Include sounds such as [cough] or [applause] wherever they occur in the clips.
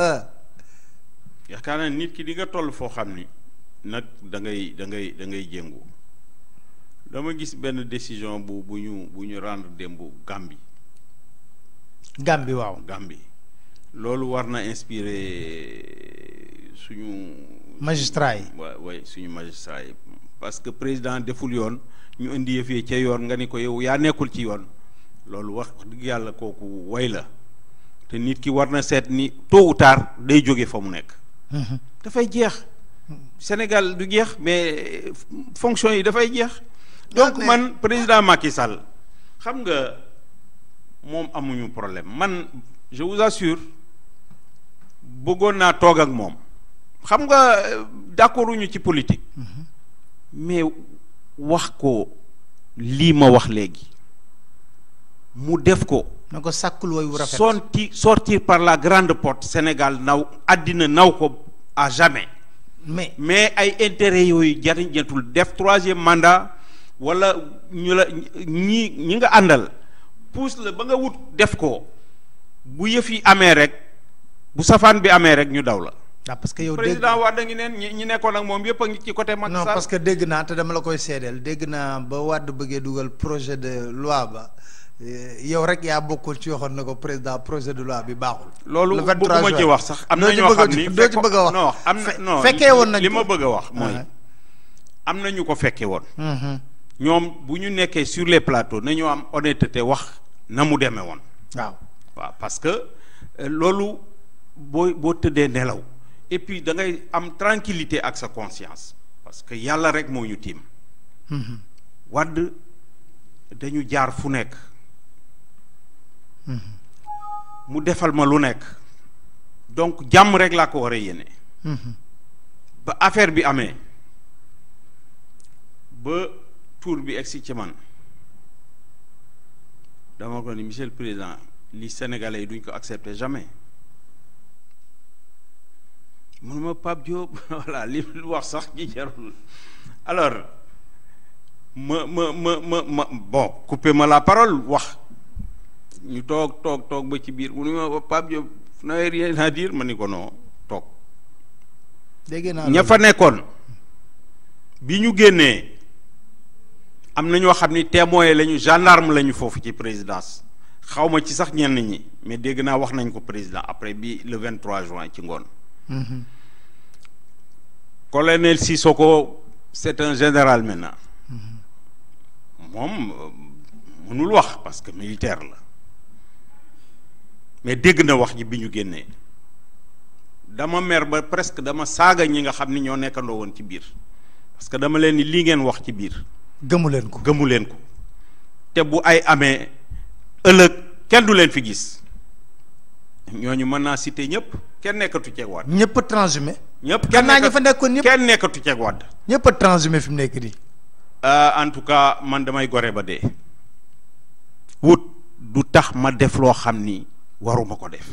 Ah. yaakaar naa nit ki di nga toll foo xam ni nag da ngay da ngay da ngay jéngu dama gis benn décision bu bu ñu bu ñu rendre démb Gambie. Gambie waaw Gambie. loolu war na inspirer suñu. magistrat yi wa waay suñu magistrat yi parce que président deful yoon ñu indi yëf yi ca yoon nga ni ko yow yaa nekkul ci yoon loolu wax dëgg yàlla kooku way la. te nit ki war na seet ni tôt ou tard day jóge fa mu nekk. Mhm. dafay jeex. Sénégal du jeex mais fonction yi dafay jeex. donc ah, man président Macky Sall xam nga moom amuñu problème man je vous assure bëggoon naa toog ak moom xam nga d'accorduñu ci politique. Mhm. mais wax ko lii ma wax léegi. mu def ko. na ko sàkkul woy wu rafet. sorti par la grande porte Sénégal naw àddina naw ko à jamais. mais mais ay intérêt yooyu jariñ jantul def troisième mandat wala ñu la ñi ñi nga àndal puus la ba nga wut def ko bu yëf yi amee rek bu safaan bi amee rek ñu daw la. waaw ah, parce que yow dégg président Wade ngi neen moom yëpp a ngi côté. Macky Sall non que dégg naa te dama la koy seedeel dégg naa ba Wade bëggee dugal projet de loi ba. Eh, yow rek yaa bokkul ci waxoon na ko président projet de loi bi baaxul. loolu bëgguma ci wax sax am na ñoo xam ni doo ci bëgg am na non fekkee woon nañ li ma bëgg wax mooy uh-huh. am na ñu ko fekkee woon uh-huh. ñoom bu ñu nekkee sur les plateaux nañu am honnêteté wax na mu demee woon waaw waaw parce que euh, loolu boo boo tëddee nelaw et puis da am tranquillité ak sa conscience parce que yàlla rek moo ñu tiim uh-huh. wadd dañu jaar fu nekk mu defal ma lu nekk donc jàmm rek laa ko war a yéene ba affaire bi amee ba tour bi egsi ci man dama ko ni monsieur président li sénégalais yi duñ ko accepter jamais mun ma Pape Diop [laughs] voilà li wax sax ci jarul alors ma ma ma ma ma bon coupez-moi la parole wax ñu toog toog toog ba ci biir mu ne ma Pape Diop n'avait rien à dire ma ni ko non toog. dégg naa ña fa nekkoon bi ñu génnee am na ñoo xam ni témoin lañu gendarme lañu foofu ci présidence xaw ma ci sax ñenn ñi mais dégg naa wax nañ ko président après bi le 23 juin ci ngoon. Mhm. colonel Sissoko c'est un général maintenant. Mhm. moom euh, mënul wax parce que militaire la mais dégg na wax ji bi ñu génnee dama mer ba presque dama saaga ñi nga xam ni ñoo nekkandoo woon ci biir parce que dama leen ni lii ngeen wax ci biir. gëmu leen ko gëmu leen ko te bu ay amee ëllëg kenn du leen fi gis ñoo ñu mën naa citer ñëpp kenn nekkatu ceeg waat. ñëpp transhumé. ñëpp kenn naa ñu fa nekkoon ñëpp kenn nekkatu ceeg waat. ñëpp a transhumé mu nekk nii. Euh, en tout cas man damay gore ba dee. wut du tax ma def loo xam ni. waruma ko def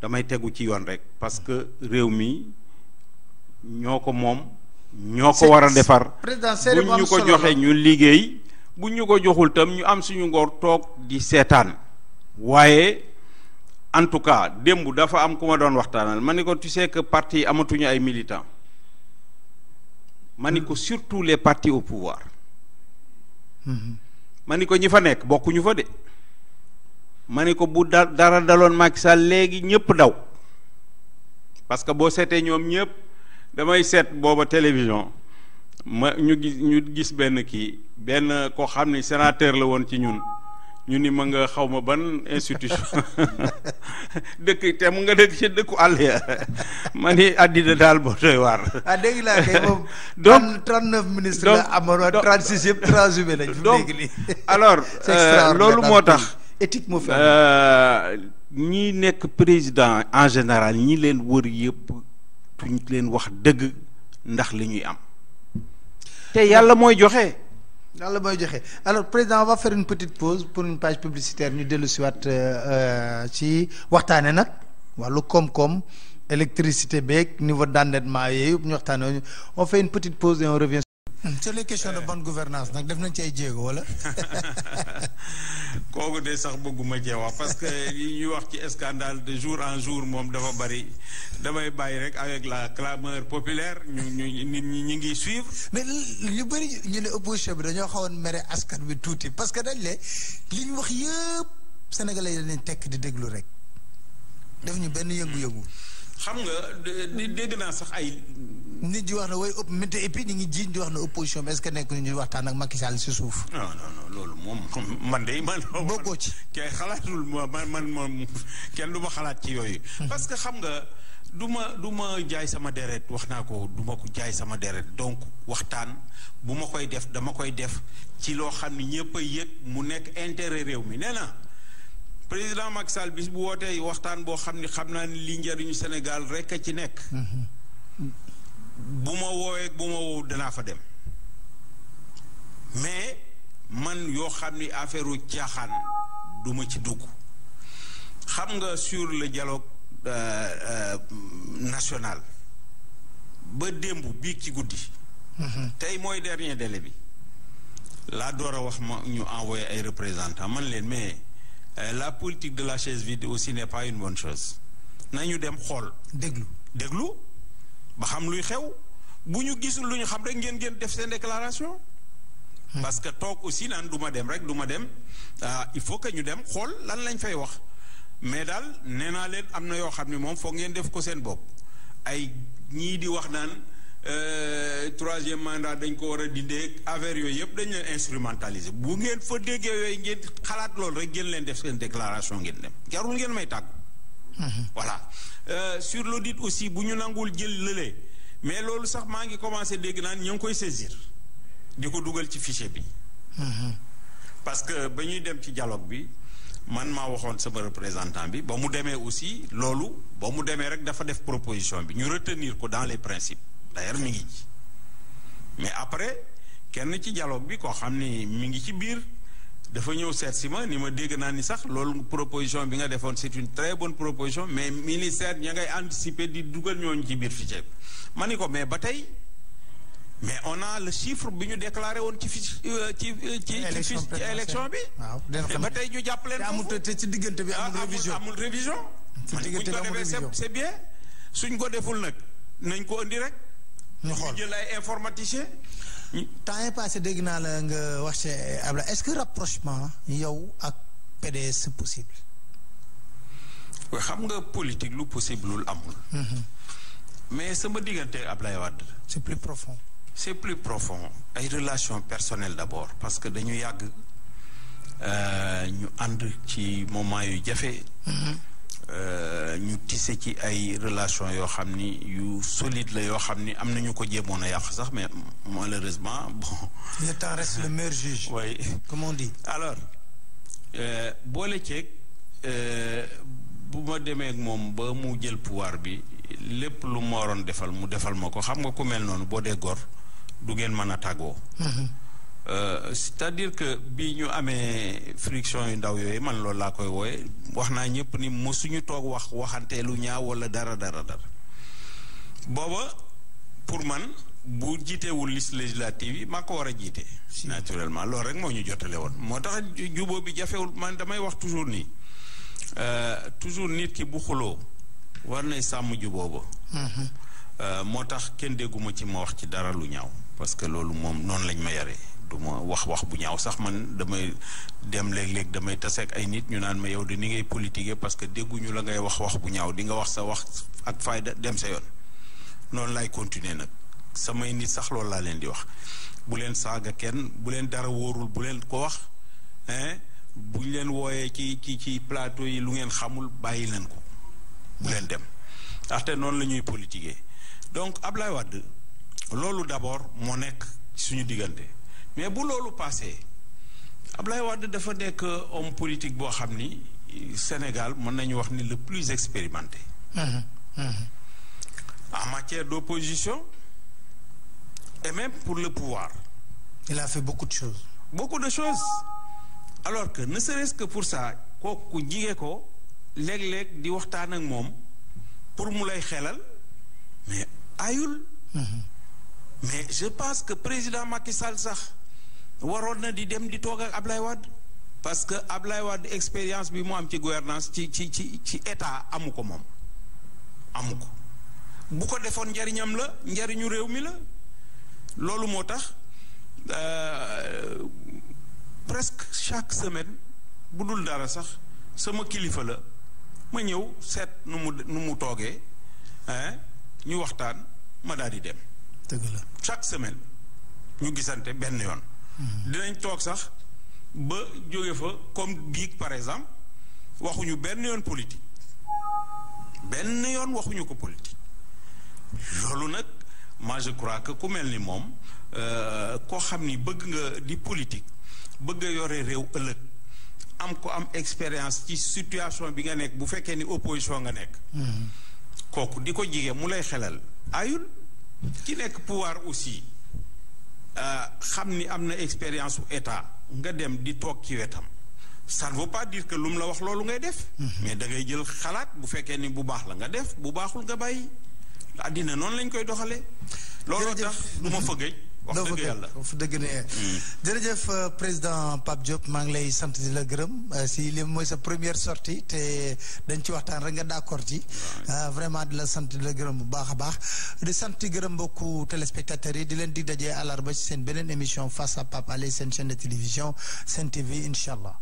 damay tegu ci yoon rek parce que réew mi ñoo ko moom ñoo ko war a defar bu ñu ko joxee ñu liggéey bu ñu ko joxul tam ñu am suñu ngor toog di seetaan waaye en tout cas démb dafa am ku ma doon waxtaanal ma ni ko tu sais que parti amatuñu ay militants ma ni ko surtout les partis au pouvoir mm-hmm. ma ni ko ñi fa nekk bokkuñu fa de ma ne ko bu da dara daloon Macky Sall léegi ñëpp daw parce que boo seetee ñoom ñëpp damay seet booba télévision ma ñu gis ñu gis benn kii benn koo xam ne sénateur la woon ci ñun ñu ni ma nga xaw ma ban institution [laughs] dëkk te mu nga dëkk ci dëkku àll ya ma ni àddina daal boo doy waar. ah dégg naa kay moom. [laughs] donc trente la amoon trente six alors euh, loolu moo tax. éthique moo euh, ñi nekk président en général ñi leen wër yëpp duñ leen wax dëgg ndax li ñuy am te yàlla mooy joxe. yàlla mooy joxe alors président on va faire une petite pause pour une page publicitaire ñu dellu si waat euh, euh, ci waxtaane nag wàllu koom-koom électricité beeg niveau d'endettement yooyu ñu waxtaane on fait une petite pause et on revient Hmm. sur les de eh. bonne gouvernance nag def nañ ci ay jéego wala. [laughs] kooku de sax bëgguma cee wax parce que ñuy wax ci scandale de jour en jour moom dafa bari damay bàyyi rek avec la clameur populaire ñu ñu nit ñu ngi suivre. mais ñu bëri ñu ne opposition bi dañoo xawoon mere askan bi tuuti parce que dañ le li ñu wax yëpp sénégalais yi dañ tekk di déglu rek def ñu benn yëngu-yëngu. Hmm. xam nga dégg naa sax ay. nit di wax na way ëpp métti et puis ñu ngi jiiñ di wax ne opposition bi est-ce que nekk ñu waxtaan ak Macky Sall si suuf. non non non loolu moom. [laughs] man de man. [laughs] bokkoo ci kay xalaatul man man moom [laughs] kenn du ma xalaat ci yooyu. Hmm. parce que xam nga du ma du ma jaay sama deret wax naa ko du ma jaay sama deret donc waxtaan bu ma koy def dama koy def ci loo xam ni ñëpp a yëg mu nekk intérêt réew mi nee na. président Macky Sall bis bu wootee waxtaan boo xam ni xam naa ni li njëriñu Sénégal rek a ci nekk. Hmm, hmm. bu ma woowee bu ma woowu danaa fa dem mais man yoo xam ni affaire u caaxaan duma ci dugg xam nga sur le dialogue euh, euh national ba démb biig ci guddi mhm. tey mooy dernier dele bi laa door a wax ma ñu envoyé ay représentants man leen mais euh, la politique de la chaise vide aussi n'est pas une bonne chose nañu dem xool déglu déglu ba xam luy xew bu ñu gisul lu ñu xam rek ngeen ngeen def seen déclaration. Hmm. parce que toog aussi naan du ma dem rek du ma dem ah, il faut que ñu dem xool lan lañ fay wax mais daal nee naa leen am na yoo xam ne moom foo ngeen def ko seen bopp ay ñii di wax naan euh, troisième mandat dañ ko war a dindee affaire yooyu yëpp dañ leen instrumentaliser bu ngeen foo déggee yooyu ngeen xalaat loolu rek ngeen leen def seen déclaration ngeen dem jarul ngeen may tàggu. voilà euh, sur l'audit aussi bu ñu nangul jël lële mais loolu sax maa ngi commencé dégg naan ñoo ngi koy saisir di ko dugal ci fichier bi. parce que ba ñuy dem ci dialogue bi man maa waxoon sama représentant bi ba mu demee aussi loolu ba mu demee rek dafa def proposition bi ñu retenir ko dans les principes d'ailleurs mi ngi ci mais après kenn ci dialogue bi koo xam ni mi ngi ci biir. dafa ñëw seet si ma ni ma dégg naa ni sax loolu proposition bi nga defoon c'est une très bonne proposition mais ministère ña ngay anticiper di dugal ñooñu ci biir fichier bi ma ni ko mais ba tey mais on a le chiffre bi ñu déclaré woon ci fiche euh, ci euh, ci ci élection bi ba tey ñu jàpp leen foofu te ci diggante bi ah, amul révision amul révision ma ni buñ ko defee c'est suñ ko deful nag nañ ko indi rek ñu xool jël ay informaticien temps yi passé dégg naa la nga wax ci eh, Abla est-ce que rapprochement yow ak PDS possible waaw xam nga politique lu possible lul amul mm-hmm. mais sama diggante Ablaye Wade c'est plus profond c'est plus profond ay relations personnelles d'abord parce que dañu yàgg euh, ñu ànd ci moment yu jafe mm-hmm. Euh, ñu tisse ci ay relation yoo xam ni yu solide la yoo xam ni am na ñu ko jéemoon a yàq sax mais malheureusement bon. le temps reste le meilleur juge. Euh, boole ceeg euh, bu ma demee ak moom ba mu jël pouvoir bi lépp lu ma waroon defal mu defal ma ko xam nga ko mel noonu boo dee gor du ngeen mën a tàggoo. Mm-hmm. Euh, c'est-à-dire que bii ñu amee friction yu ndaw yooyu man loolu laa koy wooye wax naa ñëpp ni suñu toog wax waxante lu ñaaw wala dara dara dara booba pour man bu jiitewul liste législative yi maa ko war a jiite naturellement loolu rek moo ñu jotale woon moo tax jubóo bi jafewul man damay wax toujours nii euh, toujours nit ki bu xuloo war nay sàmm jubóo ba mm-hmm. euh, moo tax kenn dégguma ci ma wax ci dara lu ñaaw parce que loolu moom noonu lañ ma yaree du ma wax wax bu ñaaw sax man damay dem léeg-léeg damay taseek ay nit ñu naan ma yow di ni ngay politiquer parce que dégguñu la ngay wax wax bu ñaaw di nga wax sa wax ak fayda dem sa yoon noonu lay continuer nag samay nit sax lool laa leen di wax bu leen saaga kenn bu leen dara wóorul bu leen ko wax hein bu ñu leen wooyee ci ci ci plateau yi lu ngeen xamul bàyyi leen ko bu leen dem ndaxte noonu la ñuy politiquer donc Ablaye Wade loolu d'abord moo nekk suñu diggante mais bu loolu passé lay Wade dafa nekk homme politique boo xam ni Sénégal mën nañu wax ni le plus expérimenté. Mmh, mmh. en matière d'opposition et même pour le pouvoir. il a fait beaucoup de choses. beaucoup de choses alors que ne serait que pour ça kooku jige ko léeg-léeg di waxtaan ak moom pour mu lay xelal mais ayul. Mmh. mais je pense que président Macky Sall sax. waroon na di dem di toog ak Ablaye Wade parce que Ablaye Wade expérience bi moo am ci gouvernance ci ci ci ci état amu ko moom amu ko bu ko defoon njariñam la njariñu réew mi la loolu moo tax euh, presque chaque semaine bu dul dara sax sama kilifa la ma ñëw seet nu mu nu mu toogee ñu waxtaan ma daal di dem. dëgg la chaque semaine ñu gisante benn yoon. dinañ toog sax ba jóge fa comme biig par exemple waxuñu benn yoon politique benn yoon waxuñu ko politique loolu nag moi je crois que ku mel ni moom euh, koo xam ni bëgg nga di politique bëgg a yore réew ëllëg am ko am expérience ci situation bi nga nekk bu fekkee ni opposition nga nekk mm-hmm. kooku di ko jige mu lay xelal ayul ci nekk pouvoir aussi xam ni am na expérience u état nga dem di toog ci wetam ça ne veut pas dire que lu mu la wax loolu ngay def mhm. mais dangay jël xalaat bu fekkee ni bu baax la nga def bu baaxul nga bàyyi àddina noonu lañ koy doxale looloo tax du ma fëggëj wax dëgg yàlla wax dëgg ne hmm. jërëjëf euh, président Pape Diop maa ngi lay sant di la gërëm euh, si li mooy sa première sortie te dañ ci waxtaan rek nga d'accord ci euh, vraiment di la sant di la gërëm bu baax a baax di sant gërëm mbokku téléspectateurs yi di leen dig dajee àllarba ci seen beneen émission face à Pape Alé seen chaîne de télévision Sen TV incha allah